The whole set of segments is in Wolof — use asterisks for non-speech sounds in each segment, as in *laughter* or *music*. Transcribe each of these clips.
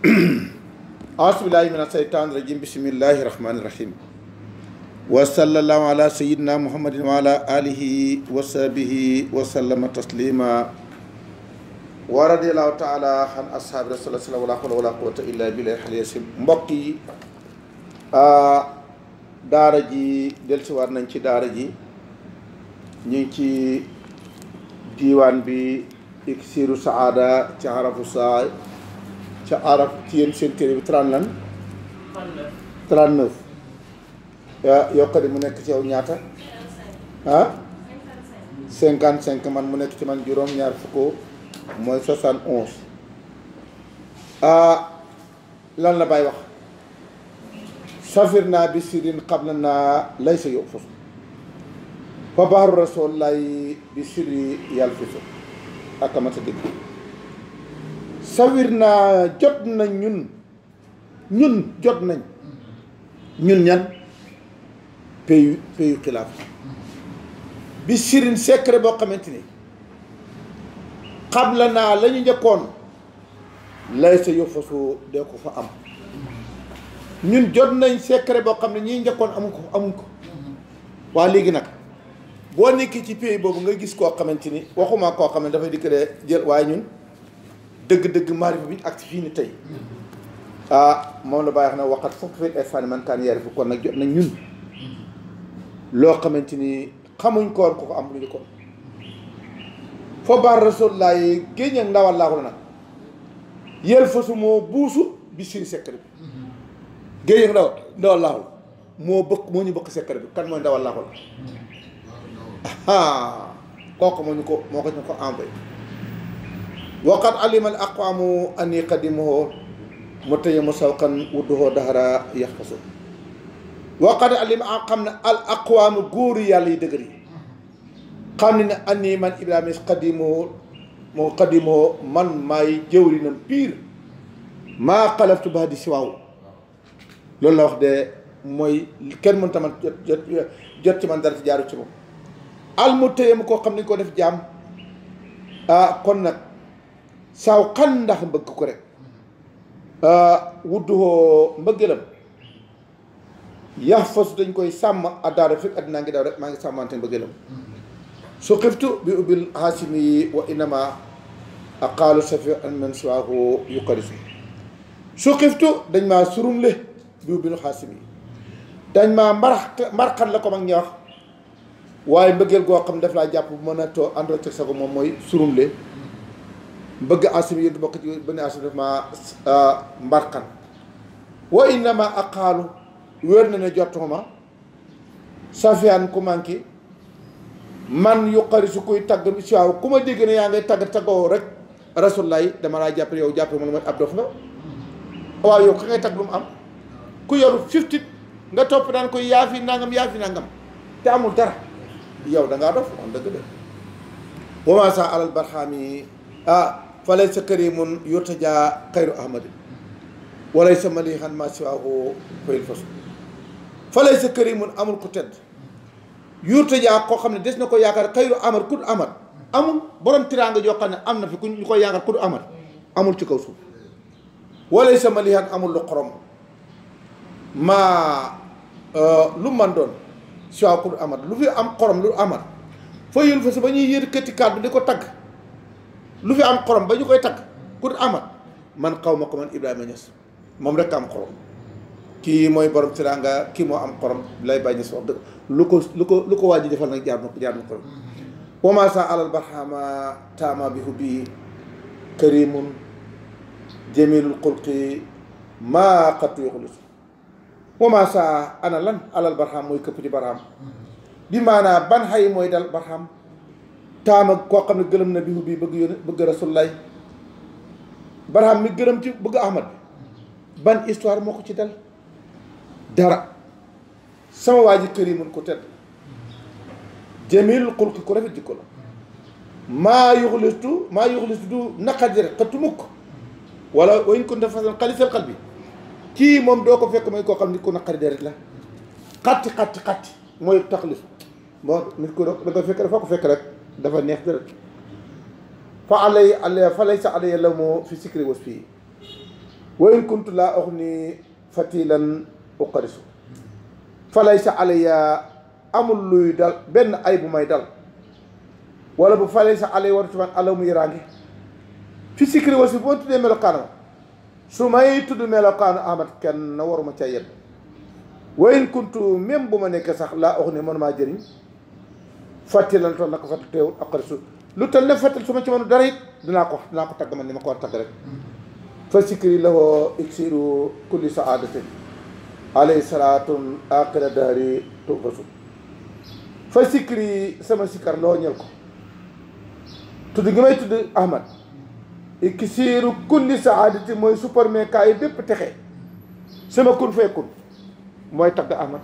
*clears throat* أعوذ بالله من الشيطان الرجيم بسم الله الرحمن الرحيم وصلى الله على سيدنا محمد وعلى آله وصحبه وسلم تسليما ورضي الله تعالى عن أصحاب رسول الله صلى الله عليه وسلم ولا قوة إلا بالله الحلي يسلم مبقي آه، دارجي دلت وارنا نكي دارجي نكي ديوان بي إكسير سعادة تعرف سعادة ca arab ci yéen seen téere bi 30 lan 39 waaw yokkati mu nekk ci yow ñaata ah 55 man mu nekk ci man juróom ñaar fukk mooy 71 ah lan la bay wax safir naa bi sirin xam na naa lay sa yow foofu fa baaru rasool lay bi siri yàlla fi so ak sa dégg sawir naa jot nañ ñun ñun jot nañ ñun ñan pays pays xilaaf bi sirin secret boo xamante ni xabla naa lañu ñu njëkkoon lay sa yow fasoo dee ko fa am ñun jot nañ secret boo xam ne ñi njëkkoon amu ko amuñ ko waa léegi nag boo nekkee ci pays boobu nga gis koo xamante ni waxuma koo xam ne dafay dikk de jël waaye ñun dëgg-dëgg maarifa bi ak fii ni tey ah, moom la bàyyi wax na waxat foofu fil irfani man kaan yarifu kon nag jot nañ ñun loo xamante ni xamuñ koor ku ko am lu ñu ko foo baar rasulullah yi génn ndawal laa nag yel fasu moo buusu bi siri secret bi géej ak ndawal laaxul moo bëgg moo ñu bëgg secret bi kan mooy ndawal laaxul kooku moo ñu ko moo ko ñu ko envoyé waqad alima al aqwamu ani qadimuhu mutayamu sawqan wudduhoo dahara yaxfasu waqad alima a xam al aqwamu góoru yàlla yi dëgër yi xam ne ne ani man ibrahima qadimuhu moo qadimuhu man maay jëwrinam piir maa xalaftu ba di si waaw loolu la wax de mooy kenn mën tamat jot jot jot ci man dara ci jaaru moom al mutayam koo xam ne ko def jaam ah kon nag saw xan ndax mbëgg ko rek ah, wudduhoo mbëggelam yax fasu dañ koy sàmm addaara fi at ngi daaw rek maa ngi sàmmante mbëggelam su xiftu bi ubbil xaasimi wa inama aqaalu safi an men suwaahu yuqarisu su xiftu dañ maa bi ubbil xaasimi dañ maa mbarax mbarxan la ko mag ñi waaye mbëggeel goo xam daf laa jàpp mën a too sa ko moom mooy surumle bëgg asim yi bokk ci bani asim daf ma ah, mbarkan wa innama aqaalu wér na ne jotuma safiyaan ku manki man yu su kuy tagg si waaw ku ma dégg ne yaa ngay tagg taggoo rek rasulullah yi dama laa jàppale yow jàpp ma ab dof nga waaw yow ka ngay tagg lu mu am ku yoru fiftit nga topp daan koy yaa fi nangam yaa fi nangam te amul dara yow da ngaa dof dëgg de wama sa alal barxaam ah, fa laysa karimun yurtaja xayru ahmadin wa laysa malihan ma siwaahu fayil sa kër yi karimun amul ku tedd yurtaja koo xam ne des na ko yaakaar xayru ahmad ku du ahmad amul borom tiraanga joo xam ne am na fi ku ñu ko yaakaar ku du amul ci kaw suuf wa laysa malihan amul lu xorom maa lu man doon siwaahu ku du lu fi am xorom lu ahmad fayil fasu ba ñuy yëkkati bi di ko tagg lu fi am xorom bañu koy tagg ku man xawma ko man Ibrahima ñess mom rek am xorom ki moy borom tiranga ki mo am xorom lay bàyyi Niass wax lu ko lu ko lu ko waji defal nag jaar na jaar na xorom wamasa al barhama tama bi hubbi karimun jamilul qat yughlis wa ma wamasa ana lan alal barham moy këpp ci barham bi mana ban hay moy dal barham taam ak koo xam ne gërëm na bihu bii bëgg yónni bëgg rasulullaay baraham mi gërëm ci bëgg ahmad bi ban histoire moo ko ci dal dara sama waa ji kër yi mun ko tedd jamilul xulqi ku rafet jikko la maa yuxlistu maa yuxlistu du naqadi rek xëttu mukk wala wañ ko defasan xalisal xal bi kii moom doo ko fekk mooy koo xam ni ku naqari deret la xatti xatti xatti mooy taxlis bon nit ko da nga fekk dafa ko fekk rek dafa neex dërët fa alay alay fa laysa alay la moo fi sikri was fii wa in kuntu laa ox ni fatilan uqarisu fa laysa alaya amul luy dal benn ay bu may dal wala bu fa laysa alay waratu man ala mu yëraange fi sikri was fii bu ma tuddee melokaanam su may tudd melokaanu ahmad kenn na waruma ca yedd wa in kuntu même bu ma nekk sax laa ox ni man maa jëriñ fàtte lu toll ne fàttal su ma ci mënu dara it dinaa fa sikri sama sikkar loo ñel ko tudd gi may tudd ahmad iksiru kulli saadatin mooy superman kaa yi bépp texe sama kun fekkun mooy tagg ahmad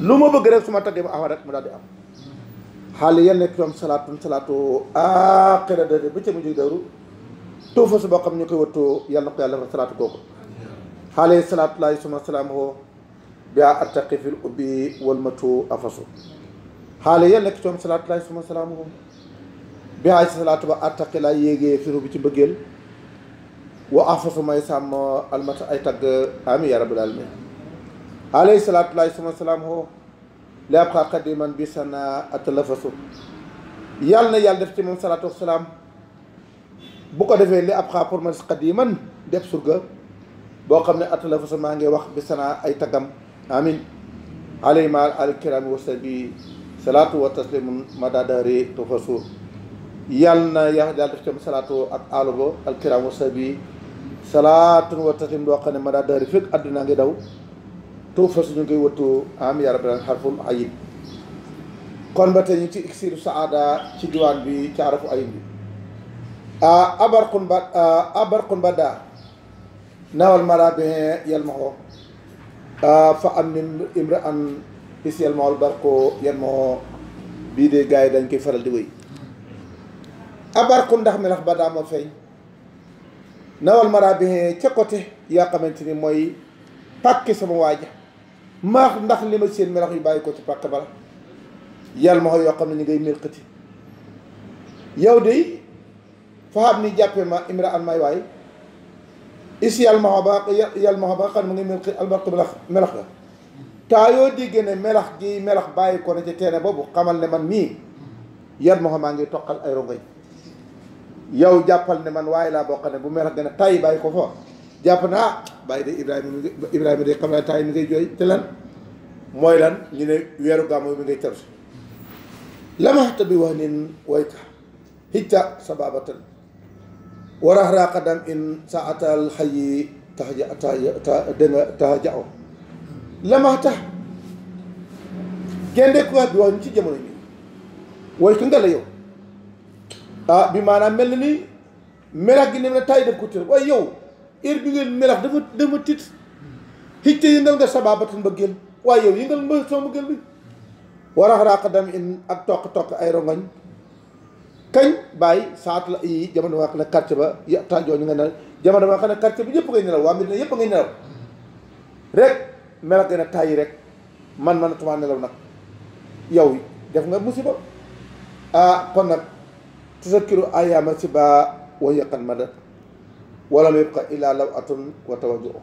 lu ma bëgg rek su ma taggee ba ahmad rek mu daal di am xaali yan nekk toom salaatun salaatu aqira dade ba ca mu jóg daru tuufa su boo xam ñu koy wattu yàlla na ko yàlla defal salaatu googu xaali salaatu a yan nekk toom salaatu laay suma salaamahu bi ay salaatu ba attaqi laa yéegee firu bi ci mbëggeel wa afasu may sàmm almata ay tagg ami ya rabbil alamin xaali salaatu laay suma salaamahu li ab xaa xadiman bi sana atalafasu yàlla na yàlla def ci moom salaatu wasalaam bu ko defee li ab xaa pour ma xadiman def surga boo xam ne atalafasu maa ngi wax bi sana ay taggam amin alay maal alkiraami wasal bi salaatu na yàlla def ci moom salaatu ak alubo alkiraam wasal bi salaatu wa taslim boo xam ne madadari fekk àdduna ngi daw tuufas ñu ngi wattu am ya rabbi xarful ayib kon ba tey ñu ci iksiru saada ci diwaan bi ci arafu ayib bi abarqun ba abarqun ba daa nawal marabien yelmaxoo am nim imra an is yelmaxol barko bii de gars dañ koy faral di wéy abarqun ndax melax ba daa moo feeñ nawal marabien ca côté yaa xamante ni mooy pàkki sama waaja ما ندخ لي مسير ملاك يباي كوت باك بلا يال ما هو يقام من يجي ملكتي يودي فهب نجاب ما إمرأة ما يباي إيش يال ما هو باك يال ما هو باك من يجي ملك البرك بلا ملك تايو دي جن ملك جي ملك باي كونه تتنا بابو كمال لمن مي يال ما هو مانجي تقل أيروغي يو جابل نمان وايلا بوكان بومير دين تاي باي كوفو جابنا bàyyi de Ibrahima mi Ibrahima de xam naa temps yi mi ngay jooy te lan mooy lan ñu ne weeru gàmmu mi ngay tër lamaxta bi wax nin wayka hijta sababatan warax raaqadam in saatal xayi tax ja tax ja o lamaxta gendeekuwaat bi wax ñu ci jamono ji wayka nga la yow ah, bi maanaam mel na ni merax gi ne na taay def ko tër waaye yow heure bi ngeen melax dafa dama tit xicca yëngal nga sabaabatul mbëggeel waaye yow yëngal mba soo mbëggeel bi warax raaq dem in ak toq-toq ay rongoñ kañ bàyyi saat la ay jamono wax na quartier ba yattaa jooju nga nelaw jamono wax na quartier bi ñëpp ngay nelaw waa mbir na yëpp ngay nelaw rek melax gën tàyyi rek man man tumaa nelaw nag yow def nga musiba ah kon nag tusa kiro ayama si ba wa yëqan ma da ولم يبق إلا لوءة وتوجه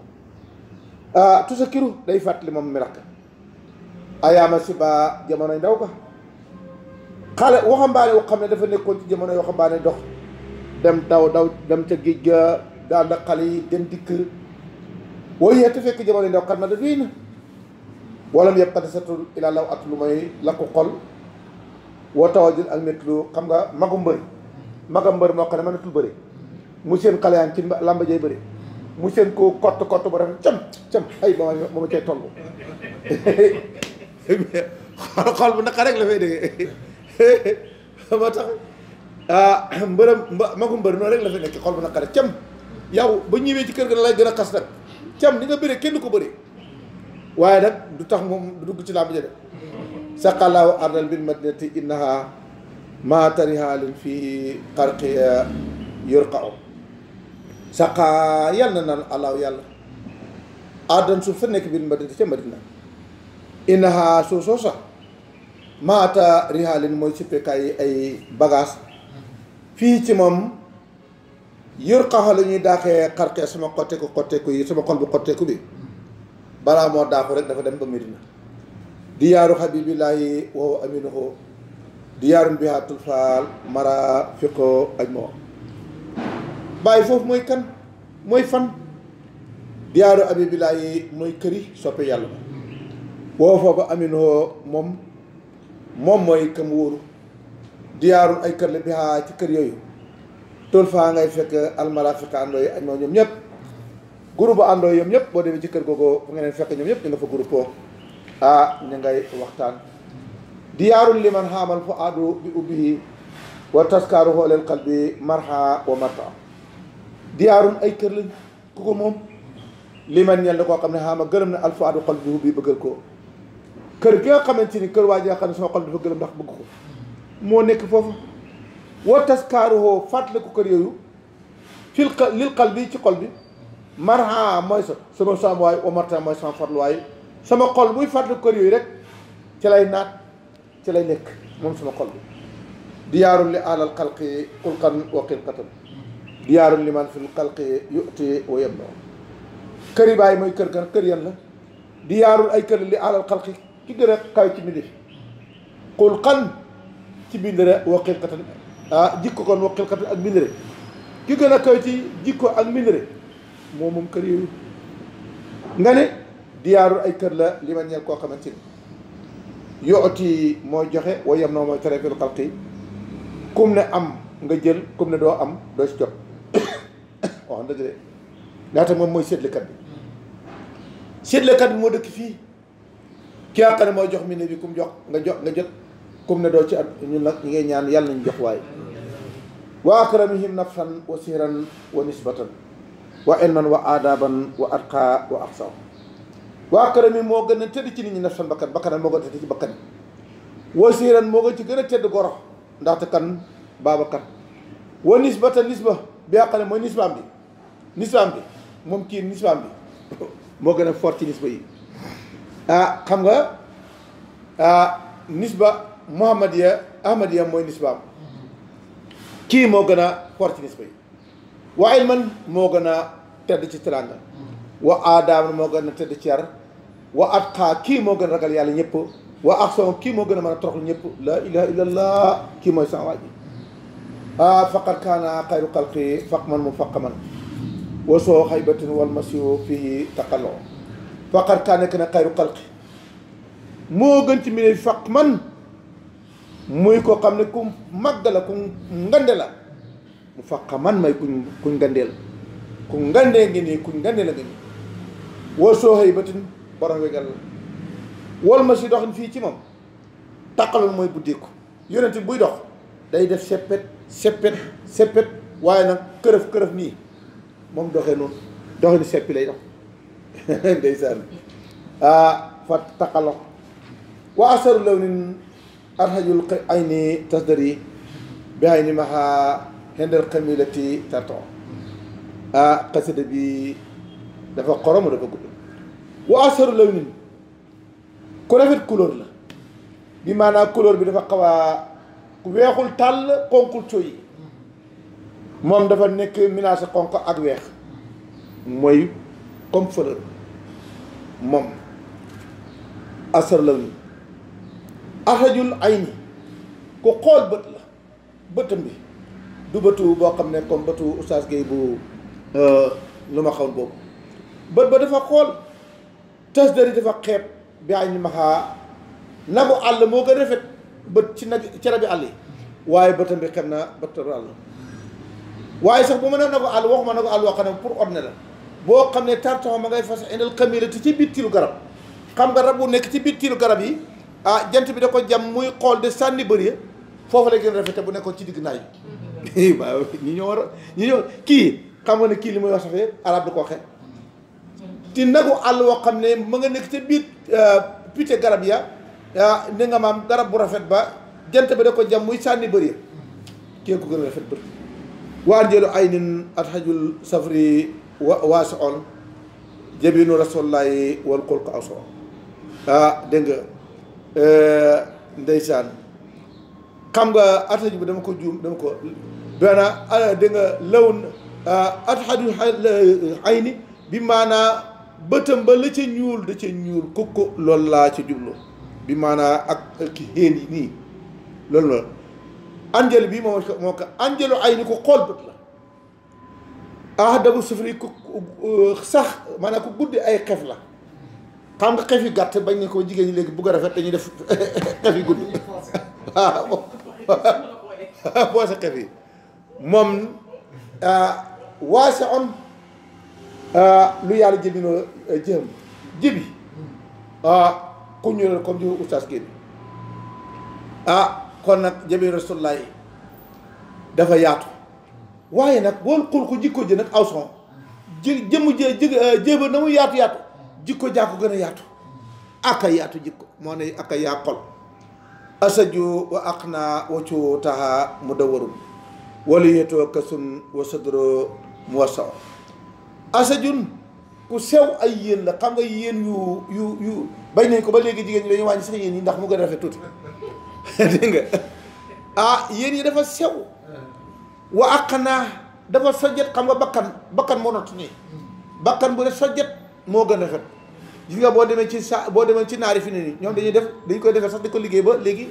تذكروا داي فاتلي مام ميراك اياما سبا جامونو نداوكا قال وخم بالي وخم دا فا نيكون سي جامونو يوخم بالي دوخ دم داو داو دم تا جيجا دا دا خالي دم ديك وي هي تفك جامونو نداو كان ما دوين ولم يبقى تستر الى لو اتلمي لك قل وتوجد المثل خمغا ماغو مبر ماغا مبر مو خنا مانتول بري mu seen xale yaan ci làmba jay mu seen koo kott kott bu rafet cam cam ay ba ma ma cay toll xool bu naqar rek la fay déggee moo tax ah, mbërëm mba magum mbër noonu rek la fay nekk xool bu naqar cam yow ba ñëwee ci kër ga lay gën a xas nag cam ni nga bëree kenn ko bëree waaye nag du tax moom dugg ci làmba ja def saqalaahu ardal bin madinati innaha ma tarihalin fii xarqiya yurqa'u saqaa yal na naan alaaw yàlla aadan suuf sa nekk biir madina ca madina inaha suuf soo sax maata rihaalin mooy sippekaay ay bagage fii ci moom yor xaxa la ñuy daaxee xarkee sama xotteeku xotteeku yi sama xol bu xotteeku bi balaa moo daaxu rek dafa dem ba Medina diyaaru xabibillaahi wa huwa aminuhu diyaarun bihaa tulfaal mara fiqo aj moo bàyyi foofu mooy kan mooy fan diyaaru abibilaayi mooy këri soppe yàlla ba woo foofa moom moom mooy kam wóoru diyaarul ay kër la bi haa ci kër yooyu tool faa ngay fekk almaraafika àndoo yi ak ñoom àndoo yom ñëpp boo demee ci kër googu fu nga leen fekk ñoom ñëpp ñu nga fa groupe ah ñu ngay waxtaan diyaarul liman xaamal fu àddu bi ubbi wa taskaaru xooleel xal bi marha wa marta diyaarum ay kër lañ ku ko moom li man ñel na koo xam ne xaama gërëm na alfaadu xol bi bi bëggal ko kër gi nga xamante ni kër waa ji nga xam ne sama xol dafa gërëm ndax bëgg ko moo nekk foofu wa taskaaruhoo fàttali ko kër yooyu fil lil bi ci xol bi marha mooy sa sama saamuwaay wa marta mooy sama farluwaay sama xol buy fàttali ko kër yooyu rek ci lay naat ci lay nekk moom sama xol bi diyaaru li alal xalqi xulqan wa xilqatan diyaarul liman fil xalqi yu'ti wa yamna këri baay mooy kër gan kër yan la diyaarul ay kër li alal xalqi ci gën a kaw ci mbindéef xul xan ci bindere wa xilqatan ah jikko ak bindere ki gën a kaw ci ak bindere moom moom kër yooyu nga ne diyaarul ay kër la li ma koo xamante ni moo joxe wa yam na mooy tere fil xalqi kum ne am nga jël kum ne doo am doo ci jot waaw oh, dëgg de ñaata moom mooy seetlekat bi seetlekat bi moo dëkk fii ki nga mooy jox mi ne bi kum jox nga jox nga jot kum ne doo ci at ñun ngay ñaan yàlla nañ jox waaye wa akramihim nafsan wa sihran wa nisbatan wa ilman wa adaban wa atqa wa aqsa wa akrami moo gën a tëdd ci nit ñi nafsan bakkan bakkan moo gën a tëdd ci bakkan wa sihran moo gën ci gën a tëdd goro ndaxte kan baaba kan wa nisbatan nisba bi nga mooy nisbaam bi nisbaam bi moom kii nisbaam bi moo gën a fort nisba yi ah, xam nga ah nisba muhammadiya ahmadiya mooy nisbaam kii moo gën a fort ci nisba yi wa ilman moo gën a tedd ci teraanga wa aadaam moo gën a tedd ci yar wa atqaa kii moo gën a ragal yàlla ñëpp wa axsan kii moo gën a mën a toroxlu ñëpp laa ilaha illallah kii mooy san waa ji ah faqad kaana xayru xalqi faq man mu faq man Woso hai batin wal masio fi takaloo, fakar tane kena tayro kalke, mu gan timi dai fakman, mu ikoo kam nekum mag dalakum ngandala, mu fakkaman mai kum ngandel, kum ngandel gini, kum ngandel gini, woso hai batin parang wegaloo, wal masi doh ngim fi timom, takalum muai budikku, yonatim budok, dai da sepet, sepet, sepet, wai na keref, keref ni. moom doxee noonu doxinu seppi lay dox ndeysaan ah fa taqalo wa asaru law arhajul ayni tasdari bi ayni maha hendal xamilati tarto ah xasida bi dafa xoromu dafa gudd wa asaru law nin rafet couleur la bi maanaam couleur bi dafa xaw a weexul tàll xonqul coyi moom dafa nekk mélange xonq ak weex mooy comme fële moom asar la ñu axajul ay ni ku xool bët la bëtam bi du bëtu boo xam ne comme bëtu oustaz Gueye bu euh, lu ma xaw boobu bët ba dafa xool tas dëri dafa xeeb bi ay ni maxaa nagu àll moo gën a rafet bët ci nag ci rabi àll yi waaye bëtam bi xeeb na bëtu àll waye sax bu nako al waxuma nako al waxana pour ordne la boo xam ne ma ngay fas indal xamila ci bitil garab xam nga rabu nek ci bitil garab yi ah jent bi dako jam muy xol de sanni beuri ya, fofu la gën a bu nekkoon ci dig nay bi *laughs* waaw ñu xam nga ne limay arab du ko ti nagu al woo xamne ne ma nga nek ci bit ah, pité garab ya ah ni nga mam garab bu rafet ba jent bi dako jam muy sanni beuri ya ko gën rafet waa waarjelu aynin adhajul safri waasi on jabinu laay wal xulq aso ah dégg nga eh, ndeysaan xam nga adhaj bi dama ko juum dama ko bana ah, dégg at lawn adhajul ayni bi maanaa bëtam ba la ca ñuul da ca ñuul kukku loolu laa ca jublu bi maanaa ak ki xéen yi nii loolu la anjël bi moo ko moo ko anjëlu ay ni ko xool bët la ah damu sufri ku sax maanaam guddi ay xef la xam nga xef yu gàtt bañ ne ko jigéen ñi léegi bugg a rafet dañuy def *laughs* xef yu gudd waaw ah, *laughs* poose xef yi moom ah, waase on ah, lu yàlla jëmi noo jëm jibi ah ku ñu comme ji oustaz génn kon nag jëmee rasulullah dafa yaatu waaye nag bool xul ko jikko jën nag aw son ji jëm jë jéeba na mu yaatu yaatu jikko jaa ko gën a yaatu aka yaatu jikko moo ne aka yaa xol asaju wa aqna wa cuutaha mudawwarun waliyatoo kasun wa sadro muwassaw asajun ku sew ay yéen la xam nga yéen yu yu yu bañ nañ ko ba léegi jigéen ñi dañu wàññi sax yéen yi ndax mu gën a rafet tuuti *laughs* dégg nga ah yéen yi dafa sew wa aqnaa dafa sojet xam nga bakkan bakkan moo not nii bakkan bu def sojet moo gën a rafet gis nga boo demee ci sa boo demee ci naari fi ne nii ñoom dañuy def dañ koy defee sax dañ ko liggéey ba léegi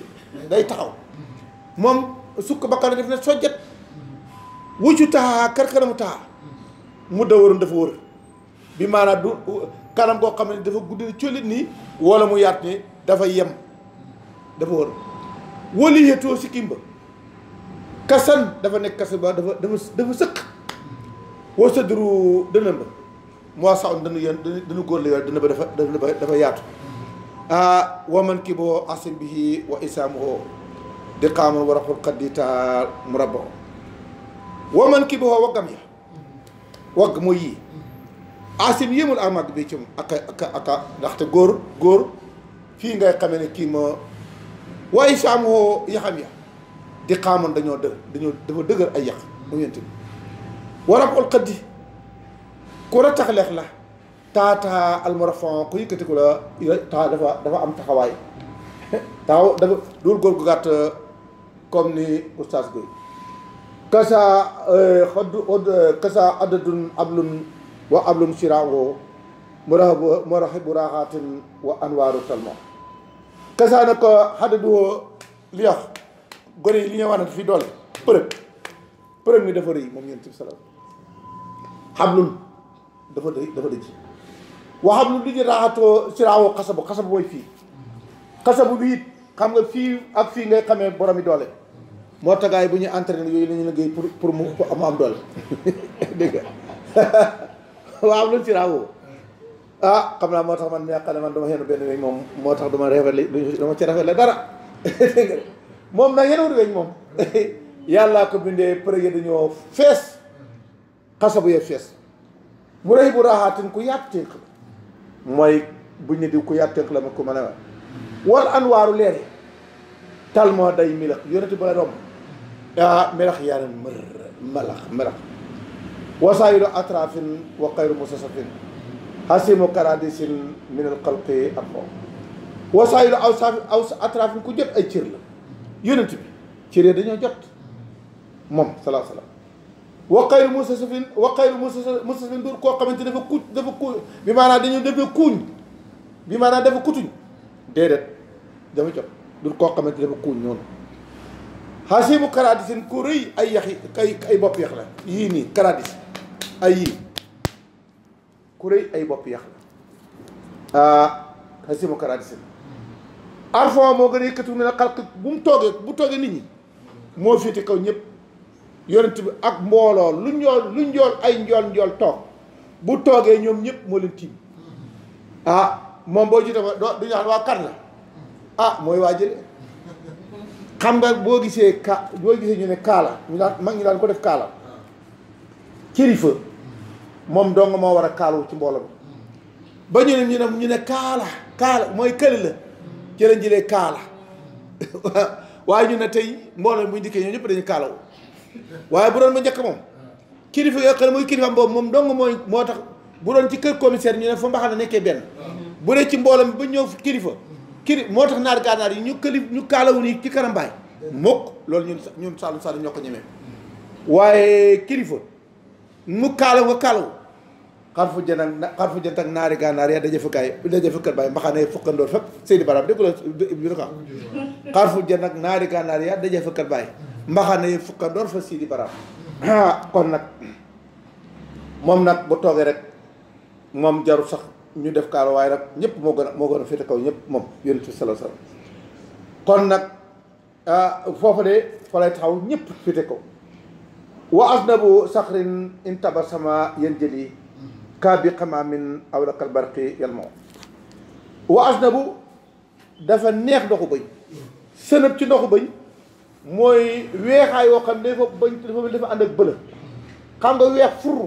day taxaw moom sukk bakkan def ne sojet wuccu taxaa karkanamu taxa mu da waroon dafa wër bi maanaam du kanam koo xam ne dafa gudd collit nii wala mu yaat nii dafa yem dafa wër waliyatoo si kimba kasan dafa nekk kasan ba dafa dafa dafa sëq wa sadru dënam ba moi sax dana yéen dana góor la yor dana ba dafa dafa yaatu ah wa man ki boo asim bihi wa isaamuhu di qaaman wa raxul xaddita murabba wa man ki boo waggam ya wagg mooy yii asim yéemul amag bi ci ak ak ak ndaxte góor góor fii ngay xamee ne kii ma waaye saam woo yaxam ya di xaamoon dañoo dë dañoo dafa dëgër ay yaq mu yonent bi warab ol xaddi ku rattax leex la taataa almarafon ku yëkkati ko la taa dafa dafa am taxawaay *laughs* taxaw dafa dul góor gàtt comme ni oustaz Gueye kasa euh, xadd odd kasa addadun ablun wa ablun siraango marahabu marahibu raaxaatin wa anwaaru talma kasaana ko xadadu li yox gone yi li ñuy wax na fi doole përëg përëg mi dafa rëy moom yonent bi salaam xablul dafa dëj dafa dëj waa xablul di raxatoo siraawoo xasabu xasabu mooy fii xasabu bi it xam nga fii ak fii ngay xamee boromi doole moo tagaay bu ñuy entraîné yooyu la ñu liggéey pour pour mu am am doole *laughs* dégg nga *laughs* waa xablul siraawoo ah xam naa moo tax man yaakaar dama yenu benn weñ moom moo tax duma rafetlu dama ci rafetlu dara *laughs* moom nag yenuwul weñ moom *laughs* yàllaa ko bindee përëge dañoo fees xasabu yee fees mu rëy bu raaxaatin ku yaat tënk la mooy buñ ne di ku yaat tënk la ma ko mën a wal anwaaru leer yi tal moo day milax yonente ba la romb ah milax yaanen mër malax milax wasaayilu atrafin wa xayru musasafin hasimu karadisin min al xalqi arfo wasaayilu aw saaf aw atraaf ku jot ay cër la yonent bi cër yi dañoo jot moom salaa salaam wa xayru mustasafin wa xayru mustasafin dur koo xamante dafa ku dafa ku bi maanaam dañu dafa kuuñ bi maanaam dafa kutuñ déedéet dafa jot dur koo xamante dafa kuuñ noonu hasimu karadisin ku rëy ay yax yi ay ay bopp yax la yii nii karadis ay yii ku rëy ay bopp yàq la xasima ah, karadisin arfon moo gën a yëkkati ne xalq bu mu toogee bu toogee nit ñi moo féete kaw ñëpp yonent bi ak mbooloo lu njool lu njool ay njool njool toog bu toogee ñoom ñëpp moo leen tiim ah moom boo jiite ma doo duñu xam waa kan la ah mooy waa jële xam nga boo gisee ka boo gisee ñu ne kaala ñu daan mag ñu daan ko def kaala cërifa moom dong moo war a kaalu ci mbooloo bi ba ñu ne ñu ne ñu ne kaala kaala mooy këli la ci lañ kaala *laughs* waaye ñu ne tey mbooloo bu ñu dikkee ñoom ñëpp dañu kaalawu waaye bu doon ma njëkk moom kilifa yoo xam ne muy kilifa boobu moom dong mooy moo tax bu doon ci kër commissaire ñu ne fa mbaxana nekkee benn bu dee ci mboolam mi ba ñëw fi kilifa kili moo tax naar gànnaar yi ñu këli ñu kaalawu nii ci karambaay mukk loolu ñun ñun Saalum Saalum ñoo ko ñemee kilifa nu kaalaw nga kaalaw xar fu jën ak xar ak naari gànnaar yaa daje fukkaay daje fukkat baay mbaxane fukkandoor fépp Seydi Baraam dégg la Ibnu Ka xar fu jën ak naari gànnaar yaa daje fukkat baay mbaxane fukkandoor fa Seydi Baraam kon nag moom nag bu toogee rek moom jarul sax ñu def kaala waaye rek ñëpp moo gën a moo gën a féete kaw ñëpp moom yonent bi sallallahu alayhi wasallam kon nag ah, foofa de fa lay taxaw ñëpp féete kaw وأذنب صخر إن تبسم ينجلي كابقما من أولك البرق يلمو وأذنب دفا نيخ دوخو بي سنب تي دوخو بي موي ويخاي وخم دفا بي دفا بي دفا عندك بلا خم دو ويخ فر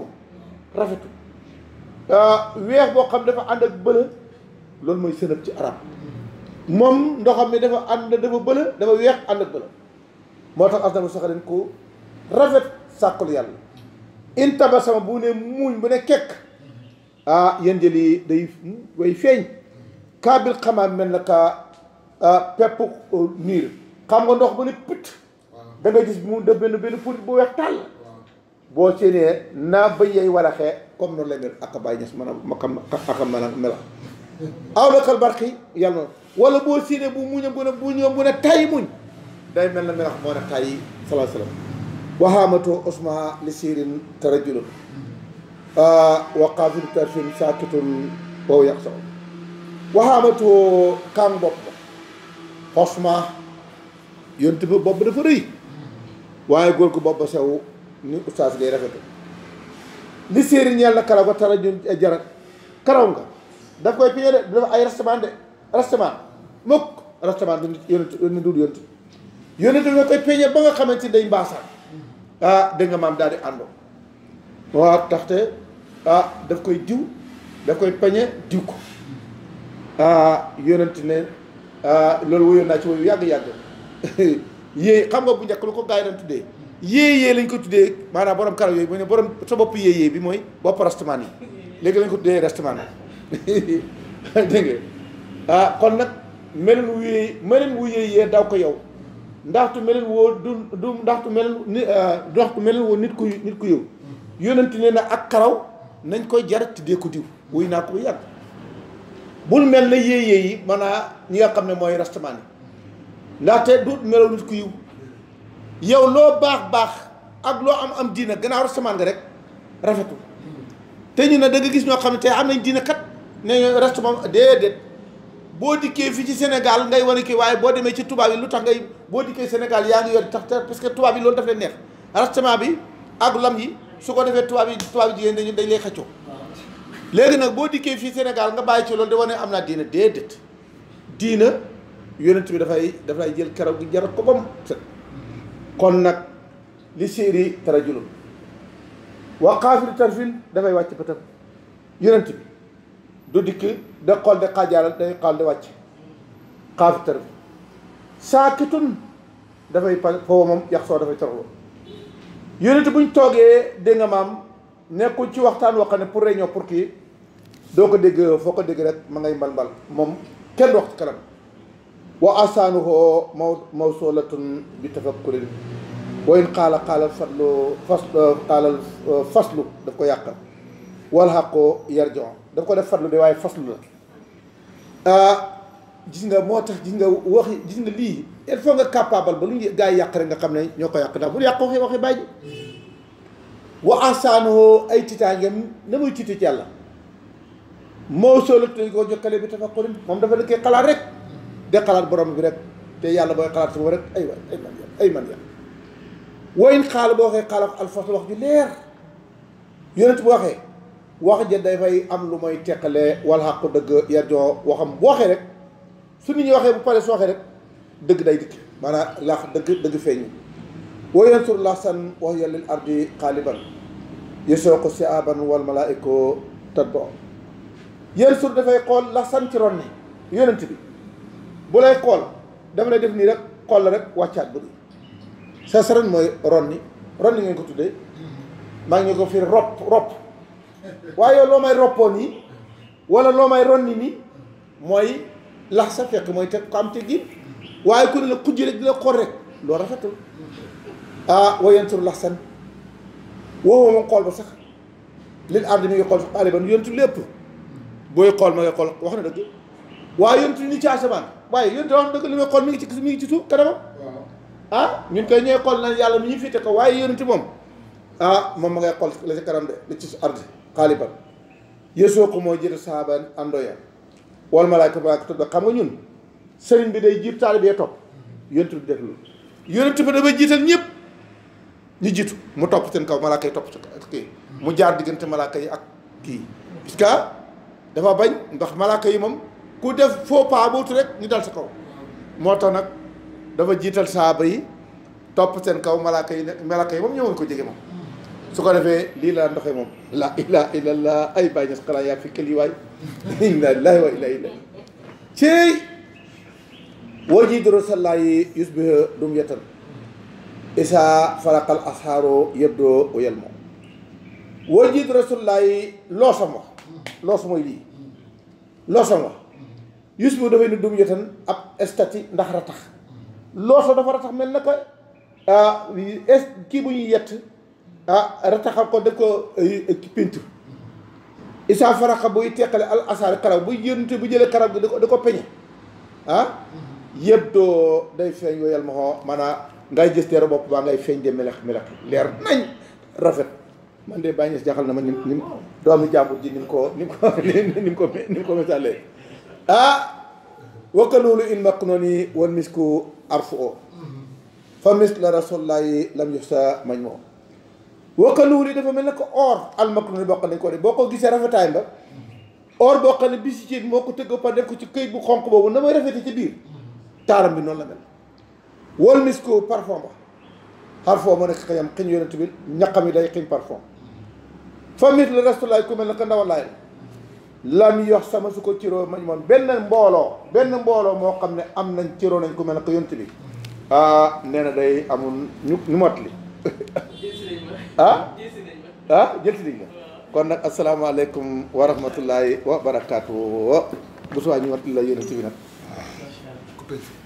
رفتو آه، ويخ وخم دفا عندك بلا لول موي سنب تي عرب موم دوخم دفا عندك بلا دفا ويخ عندك بلا موتر أذنب صخر إن كو رفتو sàkkul yàlla in tabasama bu ne muuñ bu ne kekk ah yéen jël yi day way feeñ kaabil xamaam mel na ka ah, pepp niir euh, xam nga ndox ba ne put da nga gis mu def benn benn put bu weex tàll boo seenee naa bëj yay waraxee comme noonu lay mel ak bàyyi ñes a makam aka a mela aw lakal barki yàlla noonu wala boo seenee bu muñam bu ne bu ñoom bu ne tay muñ day mel na melax moo ne tay salaa waxaamatoo osma li siirin tarajulun mm-hmm. ah, waqaafin tarfin saakitun wow yàq saw wahamatoo kàng bopp osma yonte ba bopp dafa rëy mm-hmm. waaye góor gu bopp sew ni ustaas gay rafetu li séerin ñeel na karaw nga tarajun e jarat karaw nga daf koy piñe de du ay restaurant de restaurant mukk restaurant du nit yonent du yonent koy peñe ba nga xamante ni day mbaasaan ah dégg nga maam daal di àndoo waaw taxte ah daf koy diw daf koy pañe diw ko ah yonent ne ah loolu woyoon naa ci woyu yàgg-yàgg *laughs* yéey xam nga bu njëkk lu ko gars yi tuddee yéey yéey lañ ko tuddee maanaam borom karaw yooyu mooy ne borom sa bopp yéey yéey bi mooy bopp rastamaan yi léegi lañ ko tuddee rastamaan yi *laughs* ah, kon nag melin wu yéey melin wu yéey yee daw ko yow ndaxtu melul woo du du ndaxtu melul ni euh, ndaxtu melul woo nit ku nit ku yow na ak karaw nañ koy jar tuddee ko diw wuy naa ko bu yàgg bul mel na yéeyee yi maanaa ñi nga xam ne mooy rastamaan yi ndaxte du melul nit ku yiw yow loo baax baax ak loo am am diina gannaaw rastamaan nga rek rafetul te ñu ne danga gis ñoo xam ne tey am nañ diina kat ne rastamaan déedéet boo dikkee fii ci Sénégal ngay wane kii waaye boo demee ci tubaab yi lu tax ngay boo dikkee Sénégal yaa ngi yor tax parce que tubaab yi loolu daf leen neex rassemblement bi ak lam yi su ko defee tubaab yi tubaab yi jigéen dañu dañ lay xëccoo léegi nag boo dikkee fii Sénégal nga bàyyi ci loolu da wane am naa diina déedéet diina yonent bi dafay dafay jël karaw gi jar ko bam kon nag li séeri tarajulum waa xaafiri tarfin dafay wàcc bëtam yonent bi du dikk da xool de xaajaaral day xool de wàcc xaafiri tarfin saakitun dafay pa moom yax soo dafay taroo yonent buñ toogee dégg maam nekkul ci waxtaan wax ne pour réunion pour kii doo ko dégg foo ko dégg rek ma ngay mbal-mbal moom kenn wax ci kanam wa asaanuhoo maw mawsulatun bi tafakkurin wa in qaala qaala faslu fas qaala euh, daf ko yàq wal yar yarjon daf ko def faslu de waaye faslu la euh, gis nga moo tax gis nga wax gis nga lii il faut nga capable ba lu ñu gaa yi yàq nga xam ne ñoo ko yàq ndax bu yàq waxee waxee ay tiitaangeem na muy tiiti ci yàlla moo dafa nekkee xalaat rek rek te yàlla booy xalaat sama rek boo waxee xaal alfas wax ju leer dafay am lu may teqale wala xàqu dëgg yarjoo waxam bu waxee rek su nit ñi waxee bu pare su waxee rek dëgg day dikk maanaam laax dëgg dëgg feeñu wa yansur laxsan wa hiya lil ardi xaaliban ko si aban wal malaayiko tadbo yansur dafay xool laxsan ci ron ni yonent bi bu lay xool dafa lay def nii rek xool rek wàccaat bu di sa saran mooy ron ni ron ni ngeen ko tuddee maa ngi ko fi ropp ropp waaye yow loo may roppoo nii wala loo may ron ni nii mooy lax sa fekk mooy teg ko am teggin waaye ku ne la xujj rek di la xool rek loolu rafetul ah wayantur lax san woowu moom xool ba sax lil ardi mi ngi xool sax taaliban lépp booy xool ma xool wax na dëgg waaye yontu ni ci asamaan waaye yontu wax na dëgg li may xool mi ngi ci mi ngi ci suuf kanamam a ah, ñun koy ñooy xool naan yàlla mi ñu fii féete ko waaye yontu moom a ah, moom ma ngay xool la ci kanam de li ci ardi xaaliban yesoo ko mooy jël sahaban andoya wal malaaka malaaka topp xam nga ñun sëriñ bi day jiit taalibe topp yonent bi def loolu yonent bi jiital ñëpp ñu jiitu mu topp seen kaw malaaka yi topp seen kaw mu jaar diggante malaaka yi ak kii parce bañ ndax malaaka yi moom ku def faux bootu rek ñu dal sa kaw moo tax nag dafa jiital saaba yi topp seen kaw malaaka yi ne malaaka yi moom ko jege moom su ko defee lii laa ndoxee moom la ilaha illallah ay bàyyi ñas xanaa yaa fi kël yi waay inna lillahi wa inna ilayhi cey woo ji doro sallaayi yusbihu dum yetan isaa faraqal ashaaro yebdoo wa yelmo woo ji doro sallaayi loosam wax loos mooy lii loosam wax yusbihu dafay ni dum yetan ab estati ndax ratax looso dafa ratax mel na ko kii bu ñuy yett ah ko def ko peinture isaa faraxa buy teqale al asaari karaw buy yënte bu jëlee karaw gi da ko da ko peñe ah doo day feeñ yooyal ma xoo maanaam ngay gis teeru bopp baa ngay feeñ de melex melex leer nañ rafet man de bàyyi jaxal na ma nim nim doomi ji nim ko nim ko nim ko nim ko misaale ah wakka loolu in makk noonu wan misku arfu o fa mis la rasulillahi lam yuxsa mañ moo wakkaluwul yi dafa mel ne ko or almaknun boo xam ko def boo ko gisee rafetaay ba or boo xam ne bisi ci moo ko tëgg par def ko ci këyit bu xonq boobu na may rafete ci biir taaram bi noonu la mel wal ko parfum ba parfum ma nekk xëyam xiñ bi ñaqam yi day xiñ parfum famille la restulaay ku mel ne que ndawalaay la lam yox sama su ko ciroo mañ moom benn mbooloo benn mbooloo moo xam ne am nañ ciroo nañ ku mel ne que yonent bi ah nee na day amul ñu ñu mot *laughs* ah ah jël si nañ la kon nag asalaamaaleykum wa rahmatullahi wa barakaatu bu suwaa ñu wat la yéneen ci bi nag